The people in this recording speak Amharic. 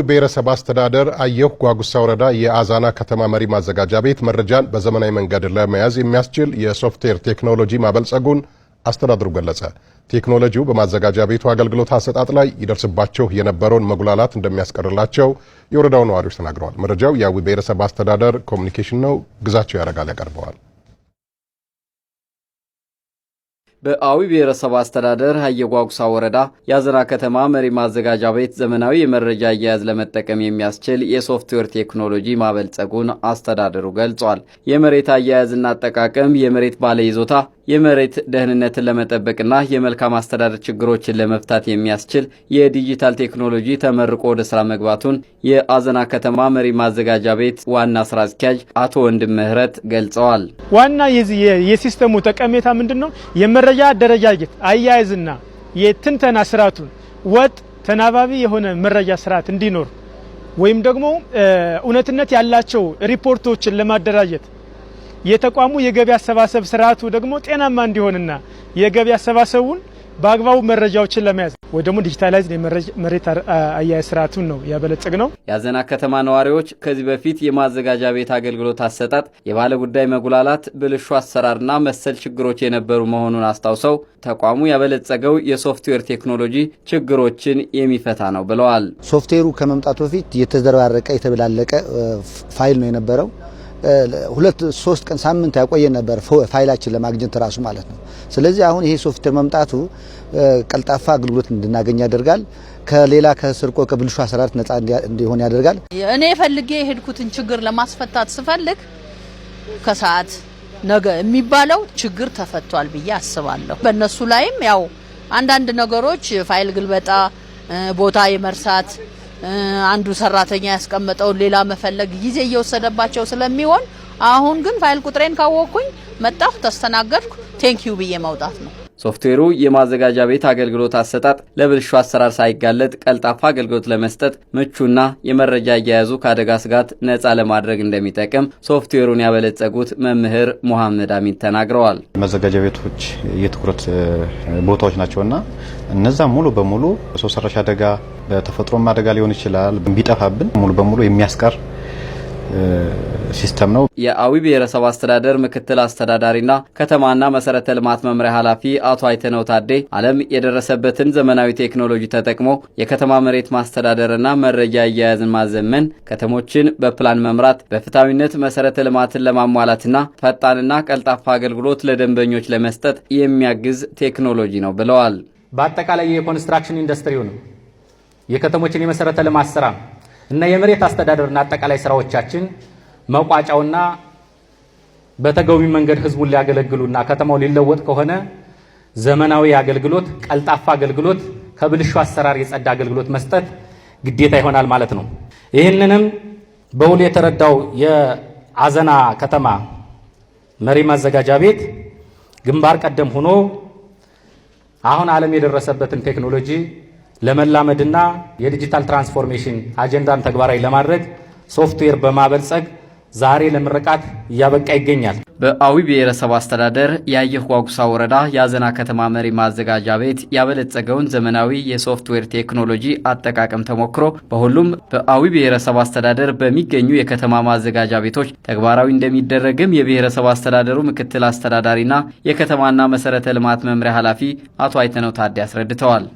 ብሔረሰብ አስተዳደር አየሁ ጓጉሳ ወረዳ የአዛና ከተማ መሪ ማዘጋጃ ቤት መረጃን በዘመናዊ መንገድ ለመያዝ የሚያስችል የሶፍትዌር ቴክኖሎጂ ማበልጸጉን አስተዳድሩ ገለጸ። ቴክኖሎጂው በማዘጋጃ ቤቱ አገልግሎት አሰጣጥ ላይ ይደርስባቸው የነበረውን መጉላላት እንደሚያስቀርላቸው የወረዳው ነዋሪዎች ተናግረዋል። መረጃው የአዊ ብሔረሰብ አስተዳደር ኮሚኒኬሽን ነው። ግዛቸው ያረጋል ያቀርበዋል። በአዊ ብሔረሰብ አስተዳደር ሀየጓጉሳ ወረዳ የአዘና ከተማ መሪ ማዘጋጃ ቤት ዘመናዊ የመረጃ አያያዝ ለመጠቀም የሚያስችል የሶፍትዌር ቴክኖሎጂ ማበልጸጉን አስተዳደሩ ገልጿል። የመሬት አያያዝና አጠቃቀም፣ የመሬት ባለይዞታ፣ የመሬት ደህንነትን ለመጠበቅና የመልካም አስተዳደር ችግሮችን ለመፍታት የሚያስችል የዲጂታል ቴክኖሎጂ ተመርቆ ወደ ስራ መግባቱን የአዘና ከተማ መሪ ማዘጋጃ ቤት ዋና ስራ አስኪያጅ አቶ ወንድም ምህረት ገልጸዋል። ዋና የሲስተሙ ጠቀሜታ ምንድን ነው? የመረጃ አደረጃጀት አያይዝና የትንተና ስርዓቱን ወጥ ተናባቢ የሆነ መረጃ ስርዓት እንዲኖር ወይም ደግሞ እውነትነት ያላቸው ሪፖርቶችን ለማደራጀት የተቋሙ የገቢ አሰባሰብ ስርዓቱ ደግሞ ጤናማ እንዲሆንና የገቢ አሰባሰቡን በአግባቡ መረጃዎችን ለመያዝ ወይ ደግሞ ዲጂታላይዝ መሬት አያያዝ ስርዓቱን ነው ያበለጽግ ነው። የአዘና ከተማ ነዋሪዎች ከዚህ በፊት የማዘጋጃ ቤት አገልግሎት አሰጣጥ፣ የባለ ጉዳይ መጉላላት፣ ብልሹ አሰራርና መሰል ችግሮች የነበሩ መሆኑን አስታውሰው ተቋሙ ያበለጸገው የሶፍትዌር ቴክኖሎጂ ችግሮችን የሚፈታ ነው ብለዋል። ሶፍትዌሩ ከመምጣቱ በፊት የተዘረባረቀ የተበላለቀ ፋይል ነው የነበረው። ሁለት ሶስት ቀን ሳምንት ያቆየ ነበር ፋይላችን ለማግኘት ራሱ ማለት ነው። ስለዚህ አሁን ይሄ ሶፍትዌር መምጣቱ ቀልጣፋ አገልግሎት እንድናገኝ ያደርጋል። ከሌላ ከስርቆ ከብልሹ አሰራር ነጻ እንዲሆን ያደርጋል። እኔ ፈልጌ የሄድኩትን ችግር ለማስፈታት ስፈልግ ከሰዓት ነገ የሚባለው ችግር ተፈቷል ብዬ አስባለሁ። በእነሱ ላይም ያው አንዳንድ ነገሮች ፋይል ግልበጣ፣ ቦታ የመርሳት አንዱ ሰራተኛ ያስቀመጠውን ሌላ መፈለግ ጊዜ እየወሰደባቸው ስለሚሆን አሁን ግን ፋይል ቁጥሬን ካወቅኩኝ መጣሁ፣ ተስተናገድኩ፣ ዩ ብዬ መውጣት ነው። ሶፍትዌሩ የማዘጋጃ ቤት አገልግሎት አሰጣጥ ለብልሹ አሰራር ሳይጋለጥ ቀልጣፋ አገልግሎት ለመስጠት ምቹና የመረጃ አያያዙ ከአደጋ ስጋት ነፃ ለማድረግ እንደሚጠቅም ሶፍትዌሩን ያበለጸጉት መምህር ሙሐመድ አሚን ተናግረዋል። መዘጋጃ ቤቶች የትኩረት ቦታዎች ናቸውና እነዛ ሙሉ በሙሉ ሰው ሰራሽ አደጋ በተፈጥሮም አደጋ ሊሆን ይችላል ቢጠፋብን ሙሉ በሙሉ የሚያስቀር ሲስተም ነው። የአዊ ብሔረሰብ አስተዳደር ምክትል አስተዳዳሪና ከተማና መሰረተ ልማት መምሪያ ኃላፊ አቶ አይተነው ታዴ ዓለም የደረሰበትን ዘመናዊ ቴክኖሎጂ ተጠቅሞ የከተማ መሬት ማስተዳደርና መረጃ አያያዝን ማዘመን ከተሞችን በፕላን መምራት በፍትሐዊነት መሰረተ ልማትን ለማሟላትና ፈጣንና ቀልጣፋ አገልግሎት ለደንበኞች ለመስጠት የሚያግዝ ቴክኖሎጂ ነው ብለዋል። በአጠቃላይ የኮንስትራክሽን ኢንዱስትሪው ነው የከተሞችን የመሰረተ ልማት ስራ እና የመሬት አስተዳደርና አጠቃላይ ስራዎቻችን መቋጫውና በተገቢ መንገድ ህዝቡን ሊያገለግሉና ከተማው ሊለወጥ ከሆነ ዘመናዊ አገልግሎት፣ ቀልጣፋ አገልግሎት፣ ከብልሹ አሰራር የጸዳ አገልግሎት መስጠት ግዴታ ይሆናል ማለት ነው። ይህንንም በውል የተረዳው የአዘና ከተማ መሪ ማዘጋጃ ቤት ግንባር ቀደም ሆኖ አሁን ዓለም የደረሰበትን ቴክኖሎጂ ለመላመድና የዲጂታል ትራንስፎርሜሽን አጀንዳን ተግባራዊ ለማድረግ ሶፍትዌር በማበልጸግ ዛሬ ለምረቃት እያበቃ ይገኛል። በአዊ ብሔረሰብ አስተዳደር የአየሁ ጓጉሳ ወረዳ የአዘና ከተማ መሪ ማዘጋጃ ቤት ያበለጸገውን ዘመናዊ የሶፍትዌር ቴክኖሎጂ አጠቃቀም ተሞክሮ በሁሉም በአዊ ብሔረሰብ አስተዳደር በሚገኙ የከተማ ማዘጋጃ ቤቶች ተግባራዊ እንደሚደረግም የብሔረሰብ አስተዳደሩ ምክትል አስተዳዳሪና የከተማና መሰረተ ልማት መምሪያ ኃላፊ አቶ አይተነው ታዴ አስረድተዋል።